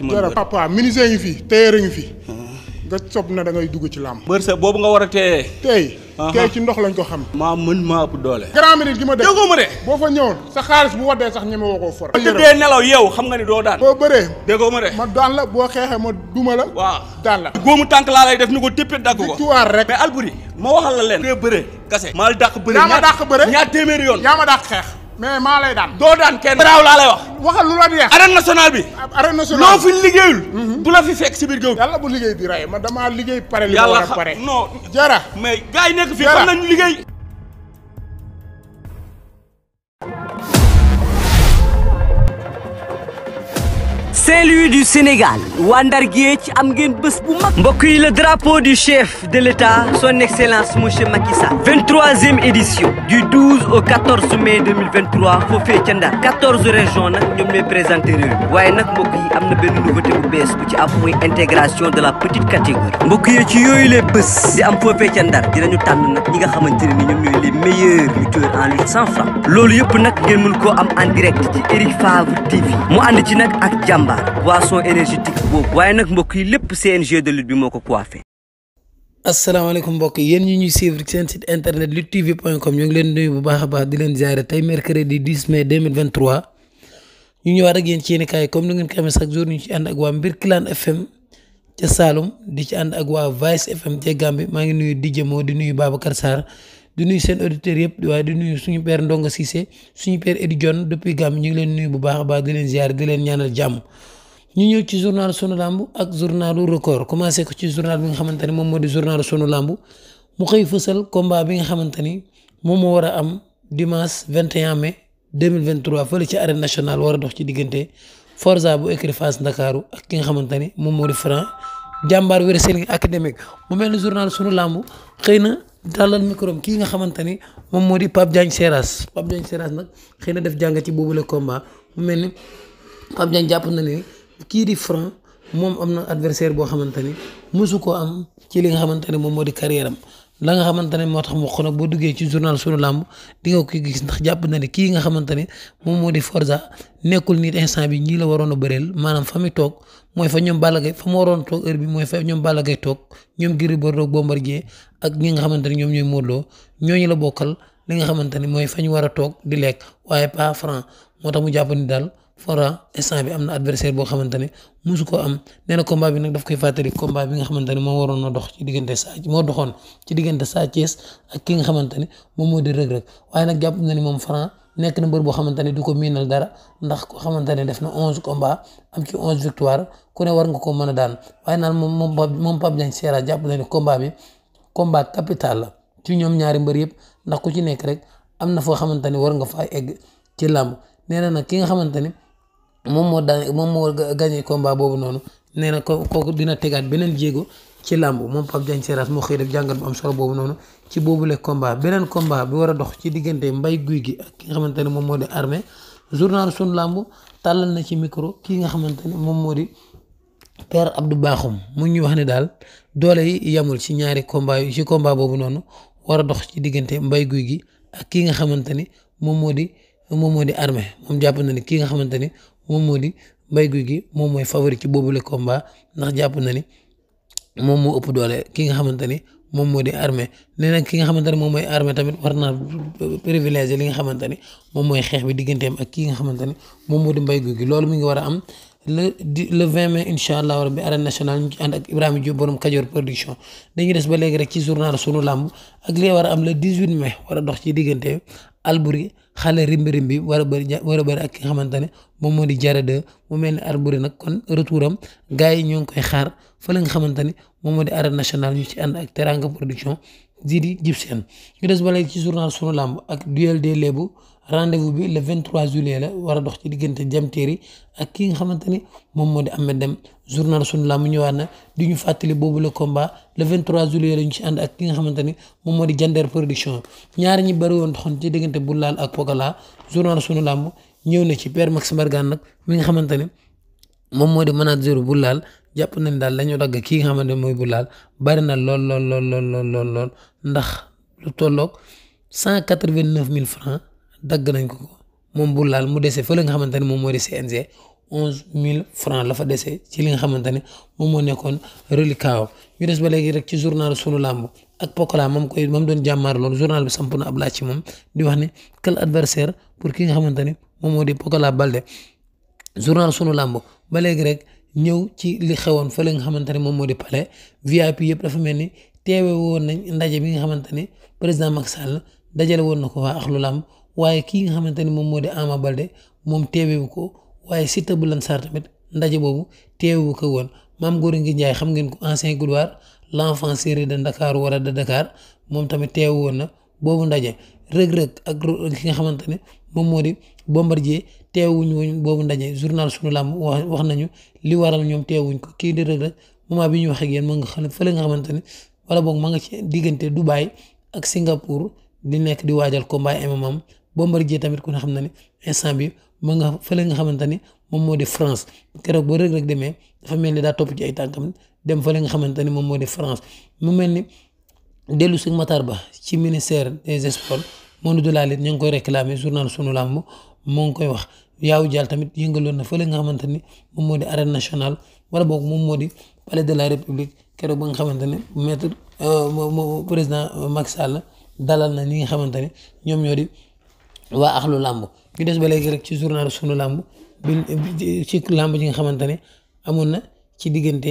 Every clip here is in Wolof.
dara papa ministère ngi fi téer ngi fi nga sob na da dugg ci làmb bërse boobu nga war a teeyee tey tey ci ndox lañ ko xam maa mën maa ëpp doole grand mérite gi ma def déggoo ma de boo fa ñëwoon sa xaalis bu waddee sax ñeme woo koo for tëddee nelaw yow xam nga ni doo daan boo bëree déggoo ma ma daan la boo xeexee ma duma la waaw daan la góomu tànk laa lay def ni ko téppee dagg ko victoire rek mais Alboury ma waxal la leen bëree kase maa la dàq bëree yaa ma dàq bëree ñaar téeméeri yoon yaa ma dàq xeex mais maa lay daan. doo daan kenn bravo laa lay wax. waxal lu la neex. arène nationale bi. arène nationale loo fi liggéeyul. Mhm. du la fi fekk si biir géew. yàlla bu liggéey bi rey ma damaa liggéey pare. li ma war a pare yàlla xam non. jara mais gars yi nekk fii xam nañu liggéey. Saint-Louis du Sénégal waa Ndar Géej am ngeen bës bu mag mbokk yi le drapeau du chef de l'État son excellence monsieur Macky Sall 23e édition du 12 au 14 mai 2023 foofee ca Ndar 14 régions nag ñoom ñooy présenté réew mi waaye nag mbokk am na benn nouveauté bu bees bu ci am muy intégration de la petite catégorie mbokk ci yooyu les bés di am foofee ca Ndar dinañu tànn nag ñi nga xamante ni ñoom ñooy les meilleurs lutteurs en lutte sans frappe loolu yëpp nag ngeen mën ko am en direct ci Eric Favre TV mu ànd ci nag ak jàmba combat boisson énergétique boobu waaye nag mbokk yi lépp CNG de lutte bi moo ko coiffé. asalaamaaleykum mbokk yéen ñu ñuy suivre seen site internet luttetv.com ñu ngi leen nuyu bu baax a baax di leen ziare tey mercredi 10 mai 2023 ñu ñëwaat ak yéen ci yéen kaay comme ni ngeen ko amee chaque jour ñu ci ànd ak waa Mbir Kilaan FM ca Saloum di ci ànd ak waa Vice FM ca Gambie maa ngi nuyu DJ Mo di nuyu Babacar Sarr. di nuyu seen auditeurs yëpp waaye di nuyu suñu père Ndonga Cissé suñu père Edi depuis Gàmbi ñu ngi leen nuyu bu baax a baax di leen ziar di jàmm. ñu ñëw ci journal sunu làmb ak journalu record commencé ko ci journal bi nga xamante ni moom moo di journalu sunu làmb mu xëy fësal combat bi nga xamante ni moom moo war a am dimanche 21 mai 2023 fële ci arène nationale war a dox ci diggante Forza bu écurie Ndakaaru ak ki nga xamante ni moom moo di Franc jàmbaar wér seen académique mu mel ni journal sunu làmb xëy na. dalal micro am kii nga xamante ni moom moo di Pape Diagne Seras Pape Diagne Seras nag xëy na def jàngat ci la combat mu mel ni Pape Diagne jàpp na ni kii di Franc moom am na adversaire boo xamante ni mosu koo am ci li nga xamante ne moom moo di carrière la nga xamante ne moo tax mu xono boo duggee ci journal sunu làmb di nga ndax jàpp na ne kii nga xamante ne moom moo di Forza nekkul nit instant bi ñii la waroon a bëreel maanaam fa toog mooy fa ñoom Balla Gaye fa mu waroon toog heure mooy fa ñoom Balla Gaye toog ñoom Gris Bordeaux Bombardier ak ñi nga xamante ne ñoom ñooy Modou Lo ñooñu la bokkal li nga xamante ne mooy fa ñu war a toog di lekk waaye pas Franc moo tax mu jàpp ni daal Franc instant bi am na adversaire boo xamante ne musu ko am nee na combat bi nag koy fàttali combat bi nga xamante ne moo waroon a dox ci diggante Sa moo doxoon ci diggante Sa Thiès ak ki nga xamante ne moom moo di Reug Reug waaye nag jàpp na ni moom Franc nekk na mbër boo xamante ne du ko miinal dara ndax ko xamante ne def na onze combat am ci onze victoire ku ne war nga ko mën a daan waaye naan moom moom moom Pape Diagne Seras jàpp na ne combat bi combat capital la ci ñoom ñaari mbër yëpp ndax ku ci nekk rek am na foo xamante ne war nga faa egg ci làmb nee na nag ki nga xamante ne moom moo daan moom moo gagné combat boobu noonu nee na kooku dina tegaat beneen jéego ci làmb moom Pape Diagne Seras moo xëy def jàngat bu am solo boobu noonu ci boobu boobule combat beneen combat bi war a dox ci diggante mbay guy gi ak nga xamante ne moom moo di armée journal sun làmb tàllal na ci micro kii nga xamante moom moo di père Abdou Bakhoum mu ñu wax ne daal doole yi ci ñaari combat yi ci combat noonu war a dox ci diggante mbay guy gi ak kii nga xamante ni moom moo di moom moo di armée moom jàpp na ni kii nga xamante ni moom moo di mbay guy gi moom mooy favori ci boobu boobule combat ndax jàpp na ni. moom moo ëpp doole ki nga xamante ni moom moo di armée nee na ki nga xamante ne moom mooy armée tamit war naa privilégié li nga xamante ni moom mooy xeex bi digganteem ak ki nga xamante ni moom moo di mbay guy gi loolu mi ngi war a am le di le 20 mai incha allah rabbi arène nationale ñu ci ànd borom Kajoor production dañuy des ba léegi rek ci journal sunu làmb ak li war a am le 18 mai war a dox ci diggante Alboury xale rimbi rimbi war a bëri war a bëri ak ki nga xamante ne moom moo di Diarra 2 mu mel ni Alboury nag kon retour am gars yi ñoo ngi koy xaar fa la nga xamante ne moom moo di arène nationale ñu ci ànd ak Teranga production Sidi Djib Sène ñu des ba léegi ci journal sunu làmb ak duel des lébu rendez-vous bi le 23 juillet la war a dox ci diggante Diam Terry ak ki nga xamante ni moom moo di Ahmed Deme journal sunu làmb ñëwaat na di ñu fàttali boobu le combat le 23 juillet la ñu ci ànd ak ki nga xamante ni moom moo di Jander production ñaari ñi bëri woon doxoon ci diggante Boulal ak Pogala journal suñu làmb ñëw na ci Père Max Mbargane nag mi nga xamante moom moo di manager bu laal jàpp nañ daal la ñu dagg kii nga xamante mooy bu laal bari na lool lool lool lool lool lool ndax lu tollo cent quatre-vingt-neuf mille francs dagg nañ ko moom bu laal mu dese fële nga xamante ne moom moo di CNG onze mille francs la fa dese ci li nga xamante ne moom moo nekkoon reliquat ñu des ba léegi rek ci journal sunu làmb ak Pokola moom koy moom doon jàmmaar loolu journal bi samp na ab laaj ci moom di wax ne quel adversaire pour ki nga xamante ne moom moo di Pokola Balde journal sunu làmb ba léegi rek ñëw ci lii xewoon fa la nga xamante ne moom moo di palais VIP yëpp dafa mel ni teewe woon nañ ndaje bi nga xamante ne président Macky Sall dajale woon na ko waa axlu làmb waaye kii nga xamante ne moom moo di Ama moom teewewu ko waaye Siteu bu Lansar tamit ndaje boobu teewewu ko woon maam Góor ngi Njaay xam ngeen ko ancien gloire l'enfant chéri de ndakaaru wala de Dakar moom tamit teewu woon na boobu ndaje rëg-rëg ak ki nga xamante ne moom moo di bombar Bombardier teewuñ wuñ boobu ndaje journal sunu làmb wax wax nañu li waral ñoom teewuñ ko kii di Reug Reug moment bi ñu waxee ak yéen ma nga xam fële nga xamante ne wala boog ma nga ci diggante Dubai ak Singapour di nekk di waajal combat MMA am Bombardier tamit ku ne xam na ne instant bi ma nga fële nga xamante ni moom moo di France keroog ba Reug Reug demee dafa mel ni daa topp ci ay tànkam dem fële nga xamante ni moom moo di France mu mel ni dellu si Matar Ba ci ministère des sports monde de la lutte ñu ngi koy réclamer journal sunu làmb moo ngi koy wax yaawu jaal tamit yëngaloon na fole nga xamante ni moom moo di arène nationale wala boog moom moo di palais de la république keroog ba nga xamante ne maître euh, président Macky Sall dalal na ñi nga xamante ne ñoom ñoo di waa axlu làmb ñu des ba léegi rek ci journal sunu làmb ci làmb ji nga xamante ne amoon na ci diggante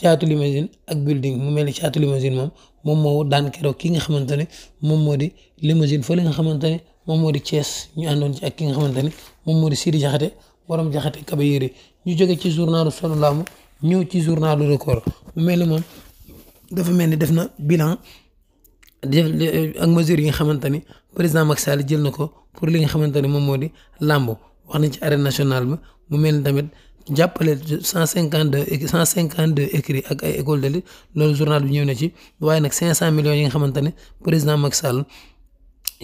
caatu limousine ak building mu mel ni caatu limousine moom moom moo daan keroog ki nga xamante ne moom moo di limousine fële nga xamante ne moom moo di Thiès ñu àndoon ci ak ki nga xamante ni moom moo di Sidi Jaxate borom Jaxate kaba yére ñu jóge ci journalu solo laamu ñëw ci journalu record mu mel ni moom dafa mel ni def na bilan def ak mesures yi nga xamante ni président Macky jël na ko pour li nga xamante ni moom moo di làmb wax nañ ci arène nationale bi mu mel ni tamit jàppale cent cinquante deux cent cinquante deux écrits ak ay école de lutte loolu journal bi ñëw na ci waaye nag cinq cent millions yi nga xamante ne président Macky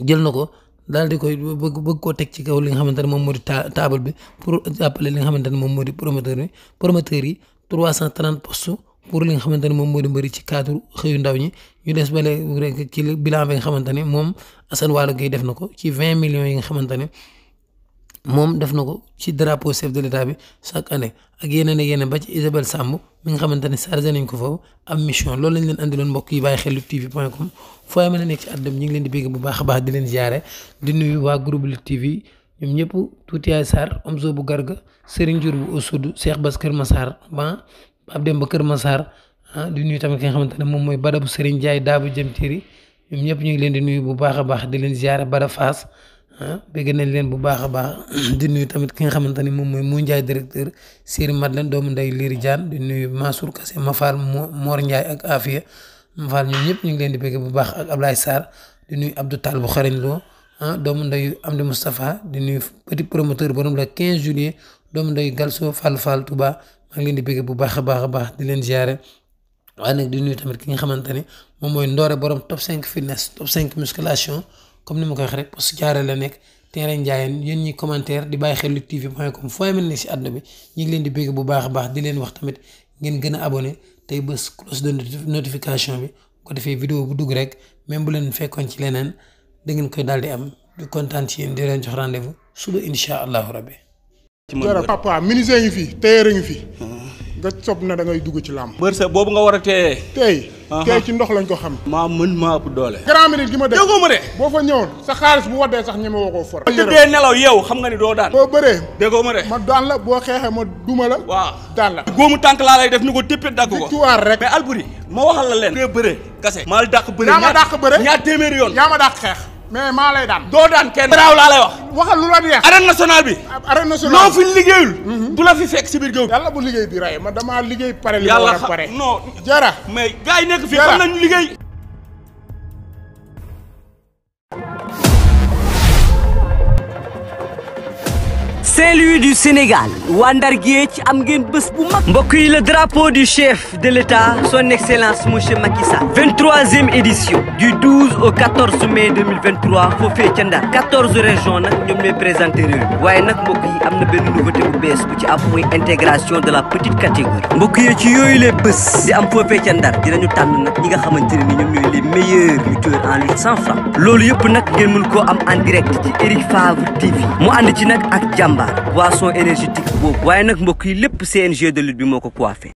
jël na ko daal di koy bëgg bëgg koo teg ci kaw li nga xamante ne moom moo di table bi pour jàppale li nga xamante ne moom moo di promoteur bi promoteur yi 330 postes pour li nga xamante ne moom moo di mbëri ci cadre xëyu ndaw ñi ñu des ba léegi rek bi nga xamante ne moom Assane Walu Gueye def na ko ci 20 millions yi nga xamante ne. moom def na ko ci drapeau chef de l'état bi chaque année ak yeneen ak yeneen ba ci Isabelle Samb mi nga xamante ne chargé nañ ko foofu am mission loolu lañu leen andiloon mbokk yi bàyyi xel Lutte TV point com foo mën a nekk ci àdduna ñu ngi leen di bégg bu baax a leen ziare di waa groupe Lutte TV ñoom ñëpp tuuti yaay om Omzo bu Garga Serigne Diour bu Oussoudu Cheikh Bass Kër Massar ban Pape Demba Kër Massar ah di nuyu tamit ki nga xamante ne moom mooy Bada bu Serigne Ndiaye Daabu Jëm Tiri ñoom ñëpp ñu ngi leen di nuyu bu baax a baax di leen ziare Bada Fass ah bëgg nañ leen bu baax a baax di nuyu tamit ki nga xamante ni moom mooy mu Ndiaye directeur Siri Madeleine doomu nday Liri Diane di nuyu Mansour Kassé Mafal Mor Ndiaye ak Afia Mafal ñoom ñëpp ñu ngi leen di bëgg bu baax ak Ablaye Sarr di nuyu Abdou Tall bu xarañ loo ah doomu nday Amdi Moustapha di nuyu petit promoteur borom la 15 juillet doomu nday Galso Fall Fall Touba maa ngi leen di bëgg bu baax a baax a baax di leen ziare. waaye nag di nuyu tamit ki nga xamante ni moom mooy Ndoore borom top 5 fitness top 5 musculation. comme ni ma ko waxee rek parce que jaaree la nekk terrain Ndiayène yéen ñi commentaire di bàyyi xel luttetv.com foo gën a abonné tey bés bi bu defee vidéo bu dugg rek même bu leen fekkoon ci leneen da ngeen koy daal di am di kontaan yéen di leen jox rendez-vous suba incha allahu rabbi. dara papa ministère yi fi téere yi fi. Ah. nga sob dugg ci làmb. bërse nga war a téye. kay ci ndox lañ ko xam maa mën maa ëpp doole grand mérite gi ma def déggoo ma de boo fa ñëwoon sa xaalis bu waddee sax ñeme woo koo for tëddee yow xam nga ni doo daan boo bëree déggoo ma de daan la boo xeexee ma duma la waaw daan la góomu tànk laa lay def ni ko téppee dagg ko victoire rek mais Alboury ma waxal la leen bëree bëree kase maa la dàq bëre téeméeri yoon yaa ma dàq xeex mais maa lay daan doo daan kenn garaaw laa lay wax waxal lu la neex. arène nationale bi. arène nationale loo fi liggéeyul. Mhm. du la fi fekk si biir géew. yàlla bu liggéey bi rey ma damaa liggéey pare. li ma a pare yàlla jara mais gars yi nekk fii xam liggéey. saint du Sénégal waa Ndar ci am ngeen bës bu mag mbokk yi le drapeau du chef de l'État son excellence monsieur Macky Sall 23 édition du 12 au 14 mai 2023 foofee ca Ndar 14 régions nag ñoom ñooy présenté réew waaye nag mbokk yi am na benn nouveauté bu bees bu ci am mooy intégration de la petite catégorie mbokk yi ci yooyu les bés di am foofee ca Ndar ñu tànn nag ñi nga xamante ne ni ñoom ñooy les meilleurs lutteurs en lutte sans frappe loolu yëpp nag ngeen mën koo am en direct ci Eric Favre TV mu ànd ci nag ak jàmbaar boisson énergétique boobu waaye nag mbokk yi lépp CNG de lutte bi moo ko coiffé